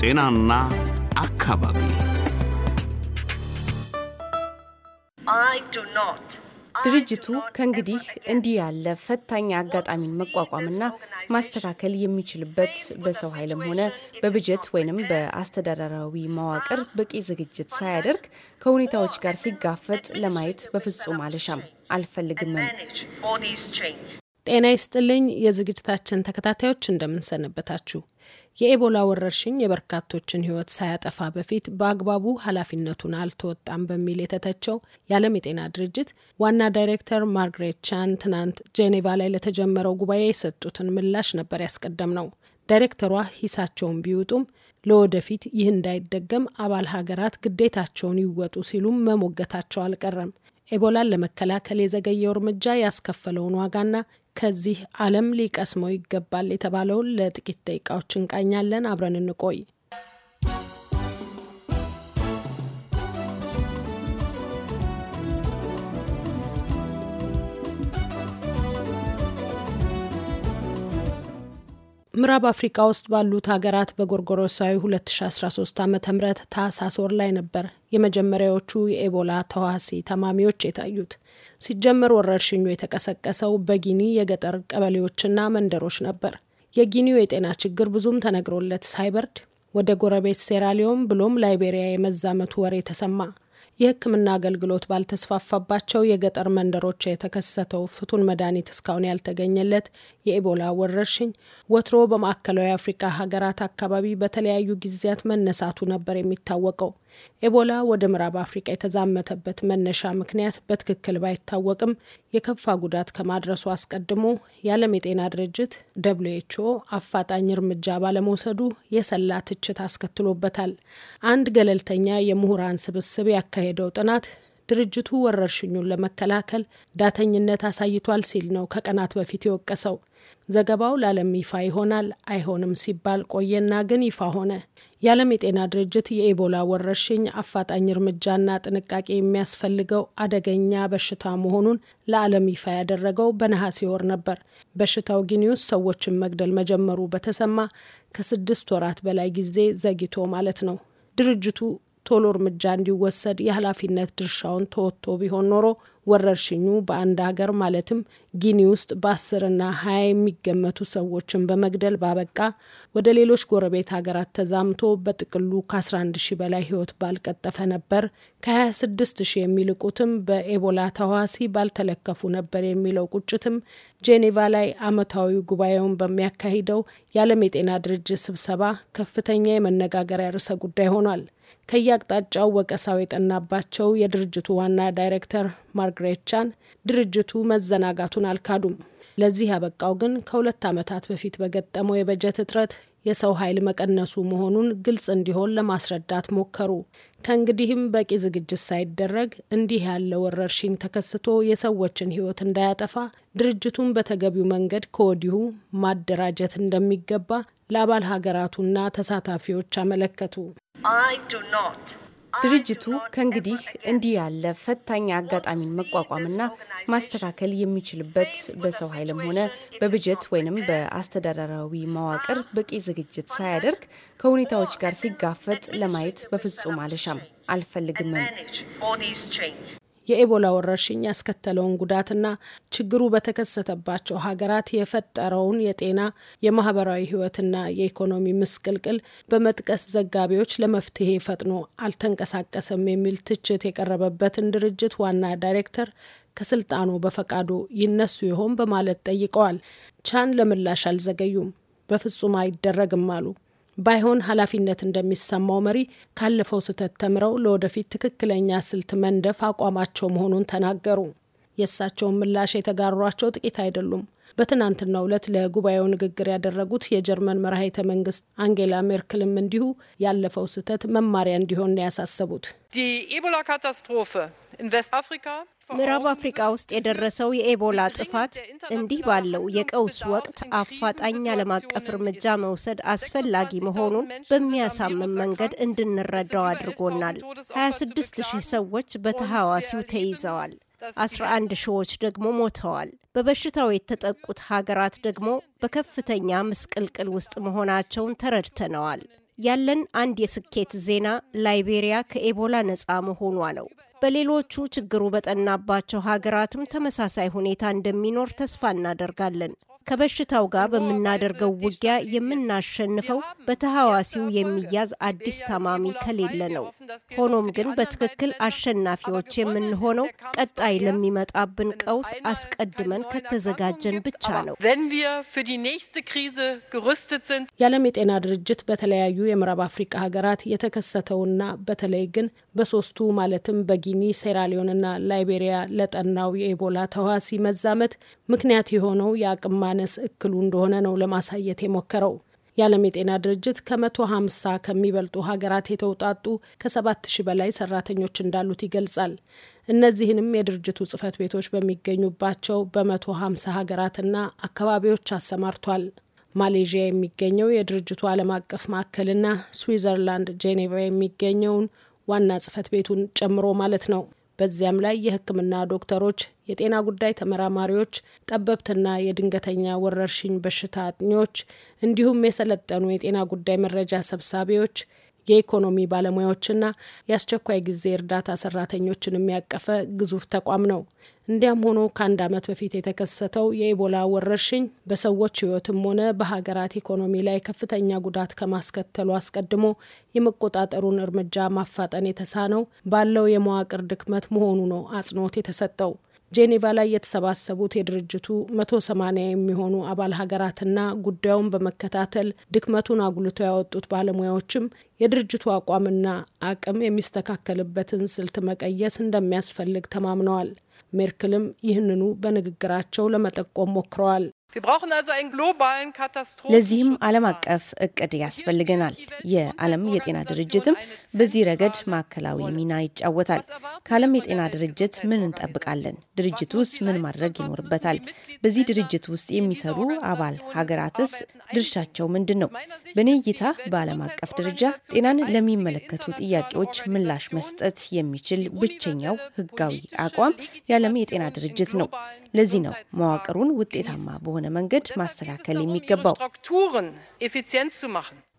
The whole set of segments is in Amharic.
ጤናና አካባቢ ድርጅቱ ከእንግዲህ እንዲህ ያለ ፈታኝ አጋጣሚን መቋቋምና ማስተካከል የሚችልበት በሰው ኃይልም ሆነ በብጀት ወይንም በአስተዳደራዊ መዋቅር በቂ ዝግጅት ሳያደርግ ከሁኔታዎች ጋር ሲጋፈጥ ለማየት በፍጹም አልሻም አልፈልግምም። ጤና ይስጥልኝ የዝግጅታችን ተከታታዮች እንደምንሰንበታችሁ የኤቦላ ወረርሽኝ የበርካቶችን ህይወት ሳያጠፋ በፊት በአግባቡ ኃላፊነቱን አልተወጣም በሚል የተተቸው የዓለም የጤና ድርጅት ዋና ዳይሬክተር ማርግሬት ቻን ትናንት ጄኔቫ ላይ ለተጀመረው ጉባኤ የሰጡትን ምላሽ ነበር ያስቀደም ነው። ዳይሬክተሯ ሂሳቸውን ቢውጡም ለወደፊት ይህ እንዳይደገም አባል ሀገራት ግዴታቸውን ይወጡ ሲሉም መሞገታቸው አልቀረም። ኤቦላን ለመከላከል የዘገየው እርምጃ ያስከፈለውን ዋጋና ከዚህ ዓለም ሊቀስመው ይገባል የተባለውን ለጥቂት ደቂቃዎች እንቃኛለን። አብረን እንቆይ። ምዕራብ አፍሪካ ውስጥ ባሉት ሀገራት በጎርጎሮሳዊ 2013 ዓ ም ታህሳስ ወር ላይ ነበር የመጀመሪያዎቹ የኤቦላ ተዋሲ ታማሚዎች የታዩት። ሲጀመር ወረርሽኙ የተቀሰቀሰው በጊኒ የገጠር ቀበሌዎችና መንደሮች ነበር። የጊኒው የጤና ችግር ብዙም ተነግሮለት ሳይበርድ ወደ ጎረቤት ሴራሊዮን ብሎም ላይቤሪያ የመዛመቱ ወሬ ተሰማ። የሕክምና አገልግሎት ባልተስፋፋባቸው የገጠር መንደሮች የተከሰተው ፍቱን መድኃኒት እስካሁን ያልተገኘለት የኢቦላ ወረርሽኝ ወትሮ በማዕከላዊ አፍሪካ ሀገራት አካባቢ በተለያዩ ጊዜያት መነሳቱ ነበር የሚታወቀው። ኤቦላ ወደ ምዕራብ አፍሪቃ የተዛመተበት መነሻ ምክንያት በትክክል ባይታወቅም የከፋ ጉዳት ከማድረሱ አስቀድሞ የዓለም የጤና ድርጅት ደብሊው ኤች ኦ አፋጣኝ እርምጃ ባለመውሰዱ የሰላ ትችት አስከትሎበታል። አንድ ገለልተኛ የምሁራን ስብስብ ያካሄደው ጥናት ድርጅቱ ወረርሽኙን ለመከላከል ዳተኝነት አሳይቷል ሲል ነው ከቀናት በፊት የወቀሰው። ዘገባው ለዓለም ይፋ ይሆናል አይሆንም ሲባል ቆየና ግን ይፋ ሆነ። የዓለም የጤና ድርጅት የኢቦላ ወረርሽኝ አፋጣኝ እርምጃና ጥንቃቄ የሚያስፈልገው አደገኛ በሽታ መሆኑን ለዓለም ይፋ ያደረገው በነሐሴ ወር ነበር። በሽታው ጊኒ ውስጥ ሰዎችን መግደል መጀመሩ በተሰማ ከስድስት ወራት በላይ ጊዜ ዘግይቶ ማለት ነው። ድርጅቱ ቶሎ እርምጃ እንዲወሰድ የኃላፊነት ድርሻውን ተወጥቶ ቢሆን ኖሮ ወረርሽኙ በአንድ ሀገር ማለትም ጊኒ ውስጥ በአስርና ሀያ የሚገመቱ ሰዎችን በመግደል ባበቃ ወደ ሌሎች ጎረቤት ሀገራት ተዛምቶ በጥቅሉ ከ11 ሺ በላይ ህይወት ባልቀጠፈ ነበር፣ ከ26 ሺ የሚልቁትም በኤቦላ ተዋሲ ባልተለከፉ ነበር የሚለው ቁጭትም ጄኔቫ ላይ አመታዊ ጉባኤውን በሚያካሂደው የዓለም የጤና ድርጅት ስብሰባ ከፍተኛ የመነጋገሪያ ርዕሰ ጉዳይ ሆኗል። ከየአቅጣጫው ወቀሳው የጠናባቸው የድርጅቱ ዋና ዳይሬክተር ማርግሬት ቻን ድርጅቱ መዘናጋቱን አልካዱም። ለዚህ ያበቃው ግን ከሁለት ዓመታት በፊት በገጠመው የበጀት እጥረት የሰው ኃይል መቀነሱ መሆኑን ግልጽ እንዲሆን ለማስረዳት ሞከሩ። ከእንግዲህም በቂ ዝግጅት ሳይደረግ እንዲህ ያለ ወረርሽኝ ተከስቶ የሰዎችን ሕይወት እንዳያጠፋ ድርጅቱን በተገቢው መንገድ ከወዲሁ ማደራጀት እንደሚገባ ለአባል ሀገራቱና ተሳታፊዎች አመለከቱ። ድርጅቱ ከእንግዲህ እንዲህ ያለ ፈታኝ አጋጣሚን መቋቋምና ማስተካከል የሚችልበት በሰው ኃይልም ሆነ በበጀት ወይንም በአስተዳደራዊ መዋቅር በቂ ዝግጅት ሳያደርግ ከሁኔታዎች ጋር ሲጋፈጥ ለማየት በፍጹም አልሻም አልፈልግምም። የኤቦላ ወረርሽኝ ያስከተለውን ጉዳትና ችግሩ በተከሰተባቸው ሀገራት የፈጠረውን የጤና የማህበራዊ ህይወትና የኢኮኖሚ ምስቅልቅል በመጥቀስ ዘጋቢዎች ለመፍትሄ ፈጥኖ አልተንቀሳቀሰም የሚል ትችት የቀረበበትን ድርጅት ዋና ዳይሬክተር ከስልጣኑ በፈቃዱ ይነሱ ይሆን በማለት ጠይቀዋል። ቻን ለምላሽ አልዘገዩም። በፍጹም አይደረግም አሉ። ባይሆን ኃላፊነት እንደሚሰማው መሪ ካለፈው ስህተት ተምረው ለወደፊት ትክክለኛ ስልት መንደፍ አቋማቸው መሆኑን ተናገሩ። የእሳቸውን ምላሽ የተጋሯቸው ጥቂት አይደሉም። በትናንትናው ውለት ለጉባኤው ንግግር ያደረጉት የጀርመን መራሄተ መንግስት አንጌላ ሜርክልም እንዲሁ ያለፈው ስህተት መማሪያ እንዲሆን ያሳሰቡት አፍሪካ ምዕራብ አፍሪቃ ውስጥ የደረሰው የኤቦላ ጥፋት እንዲህ ባለው የቀውስ ወቅት አፋጣኝ ዓለም አቀፍ እርምጃ መውሰድ አስፈላጊ መሆኑን በሚያሳምን መንገድ እንድንረዳው አድርጎናል። 26 ሺህ ሰዎች በተሐዋሲው ተይዘዋል። 11 ሺዎች ደግሞ ሞተዋል። በበሽታው የተጠቁት ሀገራት ደግሞ በከፍተኛ ምስቅልቅል ውስጥ መሆናቸውን ተረድተነዋል። ያለን አንድ የስኬት ዜና ላይቤሪያ ከኤቦላ ነፃ መሆኗ ነው። በሌሎቹ ችግሩ በጠናባቸው ሀገራትም ተመሳሳይ ሁኔታ እንደሚኖር ተስፋ እናደርጋለን። ከበሽታው ጋር በምናደርገው ውጊያ የምናሸንፈው በተሐዋሲው የሚያዝ አዲስ ታማሚ ከሌለ ነው። ሆኖም ግን በትክክል አሸናፊዎች የምንሆነው ቀጣይ ለሚመጣብን ቀውስ አስቀድመን ከተዘጋጀን ብቻ ነው። የዓለም የጤና ድርጅት በተለያዩ የምዕራብ አፍሪካ ሀገራት የተከሰተውና በተለይ ግን በሶስቱ ማለትም በጊኒ፣ ሴራሊዮንና ላይቤሪያ ለጠናው የኢቦላ ተዋሲ መዛመት ምክንያት የሆነው የአቅማ ማነስ እክሉ እንደሆነ ነው ለማሳየት የሞከረው። የዓለም የጤና ድርጅት ከ150 ከሚበልጡ ሀገራት የተውጣጡ ከ7000 በላይ ሰራተኞች እንዳሉት ይገልጻል። እነዚህንም የድርጅቱ ጽህፈት ቤቶች በሚገኙባቸው በ150 ሀገራትና አካባቢዎች አሰማርቷል። ማሌዥያ የሚገኘው የድርጅቱ ዓለም አቀፍ ማዕከልና ስዊዘርላንድ ጄኔቫ የሚገኘውን ዋና ጽህፈት ቤቱን ጨምሮ ማለት ነው። በዚያም ላይ የሕክምና ዶክተሮች፣ የጤና ጉዳይ ተመራማሪዎች፣ ጠበብትና የድንገተኛ ወረርሽኝ በሽታ አጥኚዎች እንዲሁም የሰለጠኑ የጤና ጉዳይ መረጃ ሰብሳቢዎች የኢኮኖሚ ባለሙያዎችና የአስቸኳይ ጊዜ እርዳታ ሰራተኞችን የሚያቀፈ ግዙፍ ተቋም ነው። እንዲያም ሆኖ ከአንድ ዓመት በፊት የተከሰተው የኢቦላ ወረርሽኝ በሰዎች ሕይወትም ሆነ በሀገራት ኢኮኖሚ ላይ ከፍተኛ ጉዳት ከማስከተሉ አስቀድሞ የመቆጣጠሩን እርምጃ ማፋጠን የተሳነው ባለው የመዋቅር ድክመት መሆኑ ነው አጽንኦት የተሰጠው። ጄኔቫ ላይ የተሰባሰቡት የድርጅቱ መቶ ሰማኒያ የሚሆኑ አባል ሀገራትና ጉዳዩን በመከታተል ድክመቱን አጉልቶ ያወጡት ባለሙያዎችም የድርጅቱ አቋምና አቅም የሚስተካከልበትን ስልት መቀየስ እንደሚያስፈልግ ተማምነዋል። ሜርክልም ይህንኑ በንግግራቸው ለመጠቆም ሞክረዋል። ለዚህም ዓለም አቀፍ እቅድ ያስፈልገናል። የዓለም የጤና ድርጅትም በዚህ ረገድ ማዕከላዊ ሚና ይጫወታል። ከዓለም የጤና ድርጅት ምን እንጠብቃለን? ድርጅት ውስጥ ምን ማድረግ ይኖርበታል? በዚህ ድርጅት ውስጥ የሚሰሩ አባል ሀገራትስ ድርሻቸው ምንድን ነው? በእኔ እይታ በዓለም አቀፍ ደረጃ ጤናን ለሚመለከቱ ጥያቄዎች ምላሽ መስጠት የሚችል ብቸኛው ህጋዊ አቋም የዓለም የጤና ድርጅት ነው። ለዚህ ነው መዋቅሩን ውጤታማ በሆነ በሆነ መንገድ ማስተካከል የሚገባው።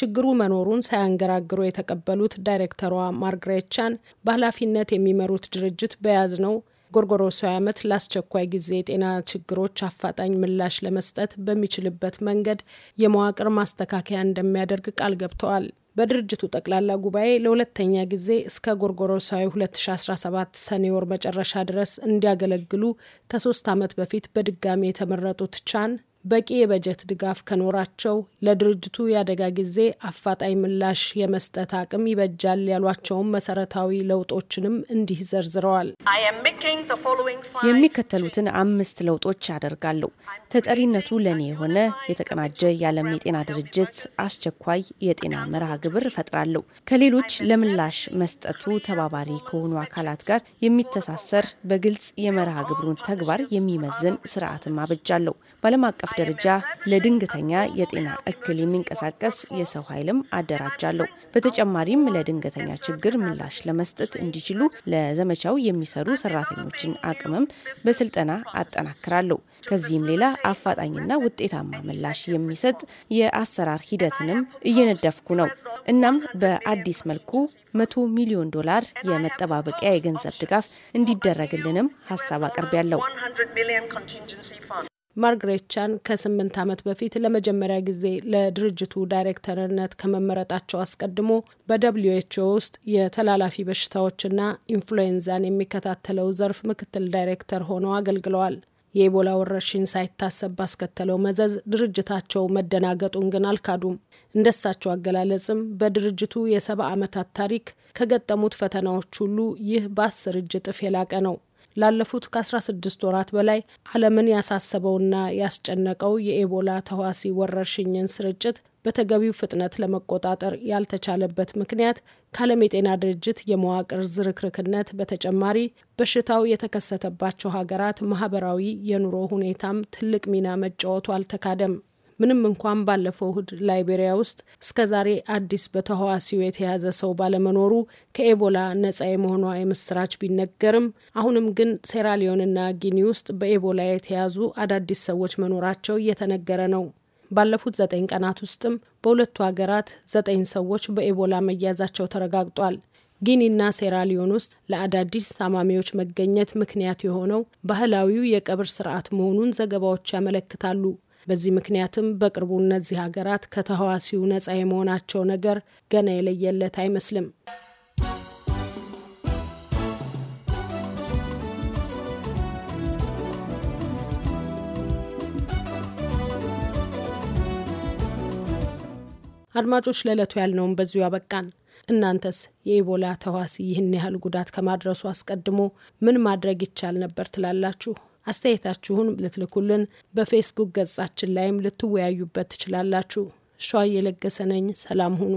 ችግሩ መኖሩን ሳያንገራግሩ የተቀበሉት ዳይሬክተሯ ማርግሬት ቻን በኃላፊነት የሚመሩት ድርጅት በያዝ ነው ጎርጎሮሳዊ ዓመት ለአስቸኳይ ጊዜ የጤና ችግሮች አፋጣኝ ምላሽ ለመስጠት በሚችልበት መንገድ የመዋቅር ማስተካከያ እንደሚያደርግ ቃል ገብተዋል። በድርጅቱ ጠቅላላ ጉባኤ ለሁለተኛ ጊዜ እስከ ጎርጎሮሳዊ 2017 ሰኔ ወር መጨረሻ ድረስ እንዲያገለግሉ ከሶስት ዓመት በፊት በድጋሚ የተመረጡት ቻን በቂ የበጀት ድጋፍ ከኖራቸው ለድርጅቱ የአደጋ ጊዜ አፋጣኝ ምላሽ የመስጠት አቅም ይበጃል ያሏቸውን መሰረታዊ ለውጦችንም እንዲህ ዘርዝረዋል። የሚከተሉትን አምስት ለውጦች አደርጋለሁ። ተጠሪነቱ ለእኔ የሆነ የተቀናጀ የዓለም የጤና ድርጅት አስቸኳይ የጤና መርሃ ግብር እፈጥራለሁ። ከሌሎች ለምላሽ መስጠቱ ተባባሪ ከሆኑ አካላት ጋር የሚተሳሰር በግልጽ የመርሃ ግብሩን ተግባር የሚመዝን ስርዓትም አበጃለሁ። በዓለም አቀፍ ደረጃ ለድንገተኛ የጤና እክል የሚንቀሳቀስ የሰው ኃይልም አደራጃለሁ። በተጨማሪም ለድንገተኛ ችግር ምላሽ ለመስጠት እንዲችሉ ለዘመቻው የሚሰሩ ሰራተኞችን አቅምም በስልጠና አጠናክራለሁ። ከዚህም ሌላ አፋጣኝና ውጤታማ ምላሽ የሚሰጥ የአሰራር ሂደትንም እየነደፍኩ ነው። እናም በአዲስ መልኩ መቶ ሚሊዮን ዶላር የመጠባበቂያ የገንዘብ ድጋፍ እንዲደረግልንም ሀሳብ አቅርቤያለሁ። ማርግሬት ቻን ከስምንት ዓመት በፊት ለመጀመሪያ ጊዜ ለድርጅቱ ዳይሬክተርነት ከመመረጣቸው አስቀድሞ በደብሊዩ ኤችኦ ውስጥ የተላላፊ በሽታዎችና ኢንፍሉዌንዛን የሚከታተለው ዘርፍ ምክትል ዳይሬክተር ሆነው አገልግለዋል። የኢቦላ ወረርሽኝ ሳይታሰብ ባስከተለው መዘዝ ድርጅታቸው መደናገጡን ግን አልካዱም። እንደሳቸው አገላለጽም በድርጅቱ የሰባ ዓመታት ታሪክ ከገጠሙት ፈተናዎች ሁሉ ይህ በአስር እጅ እጥፍ የላቀ ነው። ላለፉት ከ16 ወራት በላይ ዓለምን ያሳሰበውና ያስጨነቀው የኤቦላ ተዋሲ ወረርሽኝን ስርጭት በተገቢው ፍጥነት ለመቆጣጠር ያልተቻለበት ምክንያት ከዓለም የጤና ድርጅት የመዋቅር ዝርክርክነት በተጨማሪ በሽታው የተከሰተባቸው ሀገራት ማህበራዊ የኑሮ ሁኔታም ትልቅ ሚና መጫወቱ አልተካደም። ምንም እንኳን ባለፈው እሁድ ላይቤሪያ ውስጥ እስከዛሬ አዲስ በተህዋሲው የተያዘ ሰው ባለመኖሩ ከኤቦላ ነጻ የመሆኗ የምስራች ቢነገርም አሁንም ግን ሴራሊዮንና ጊኒ ውስጥ በኤቦላ የተያዙ አዳዲስ ሰዎች መኖራቸው እየተነገረ ነው። ባለፉት ዘጠኝ ቀናት ውስጥም በሁለቱ ሀገራት ዘጠኝ ሰዎች በኤቦላ መያዛቸው ተረጋግጧል። ጊኒና ሴራሊዮን ውስጥ ለአዳዲስ ታማሚዎች መገኘት ምክንያት የሆነው ባህላዊው የቀብር ስርዓት መሆኑን ዘገባዎች ያመለክታሉ። በዚህ ምክንያትም በቅርቡ እነዚህ ሀገራት ከተህዋሲው ነጻ የመሆናቸው ነገር ገና የለየለት አይመስልም። አድማጮች፣ ለዕለቱ ያልነውም በዚሁ ያበቃን። እናንተስ የኢቦላ ተዋሲ ይህን ያህል ጉዳት ከማድረሱ አስቀድሞ ምን ማድረግ ይቻል ነበር ትላላችሁ? አስተያየታችሁን ልትልኩልን በፌስቡክ ገጻችን ላይም ልትወያዩበት ትችላላችሁ። ሸዋ እየለገሰ ነኝ። ሰላም ሁኑ።